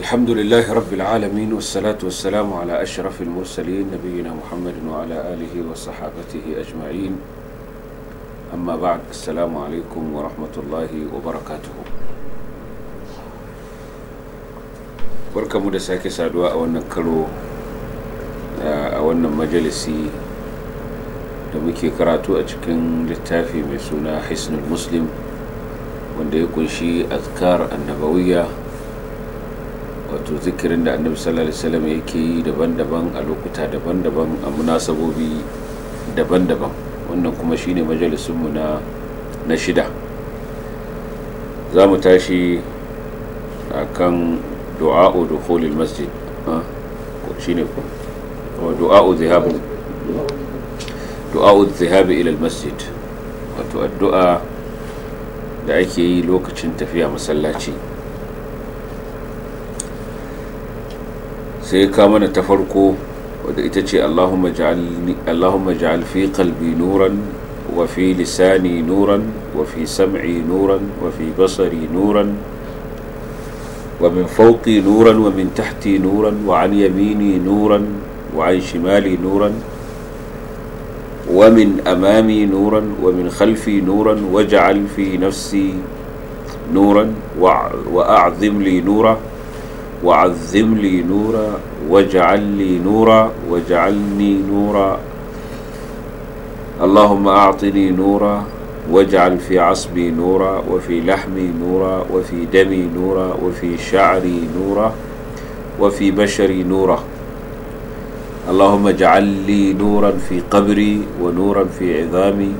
الحمد لله رب العالمين والصلاة والسلام على أشرف المرسلين نبينا محمد وعلى آله وصحابته أجمعين أما بعد السلام عليكم ورحمة الله وبركاته barkamu da sake saduwa a wannan karo a wannan majalisi da muke karatu a cikin littafi mai suna hisnul muslim wanda ya kunshi azkar annabawiyya wato zikirin da annabi sallallahu alaihi wasallam yake yi daban-daban a lokuta daban-daban a munasabobi daban-daban wannan kuma shine majalisunmu na na shida za mu tashi a kan du'a'u dukhulil masjid shine ko du'a'u zihab du'a'u zihab ila masjid wato addu'a da ake yi lokacin tafiya masallaci sai ka mana ta farko wadda ita ce Allahumma ja'al fi qalbi nuran wa fi lisani nuran wa fi sam'i nuran wa fi basari nuran wa min fawqi nuran wa min tahti nuran wa an yamini nuran wa an shimali nuran wa min amami nuran wa min khalfi nuran waj'al fi nafsi nuran wa a'zim li nura وعظم لي نورا واجعل لي نورا واجعلني نورا اللهم أعطني نورا واجعل في عصبي نورا وفي لحمي نورا وفي دمي نورا وفي شعري نورا وفي بشري نورا اللهم اجعل لي نورا في قبري ونورا في عظامي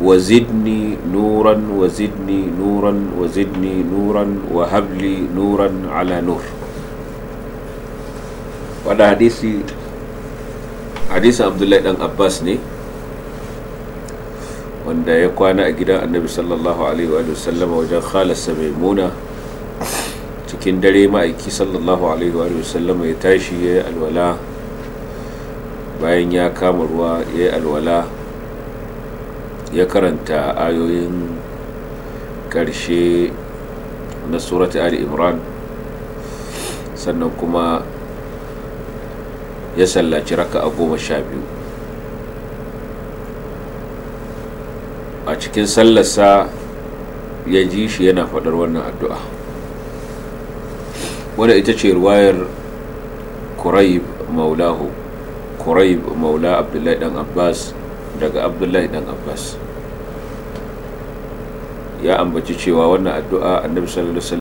وزدني نورا وزدني نورا وزدني نورا وهب لي نورا على نور وانا حديثي حديث عبد الله بن عباس ني wanda ya kwana a gidan annabi sallallahu alaihi wa sallama wajen khalasa maimuna cikin dare ma'aiki sallallahu alaihi wa sallam ya tashi ya yi alwala bayan ya kama ruwa ya yi alwala ya karanta ayoyin ƙarshe na surat ali imran sannan kuma ya sallaci raka a goma sha biyu a cikin sallarsa ya ji shi yana faɗar wannan addu'a wadda ita ce ruwayar kuraib maulahu maula abdullahi dan abbas daga abdullahi dan abbas ya ambaci cewa wannan addu'a annabi sallallahu alaihi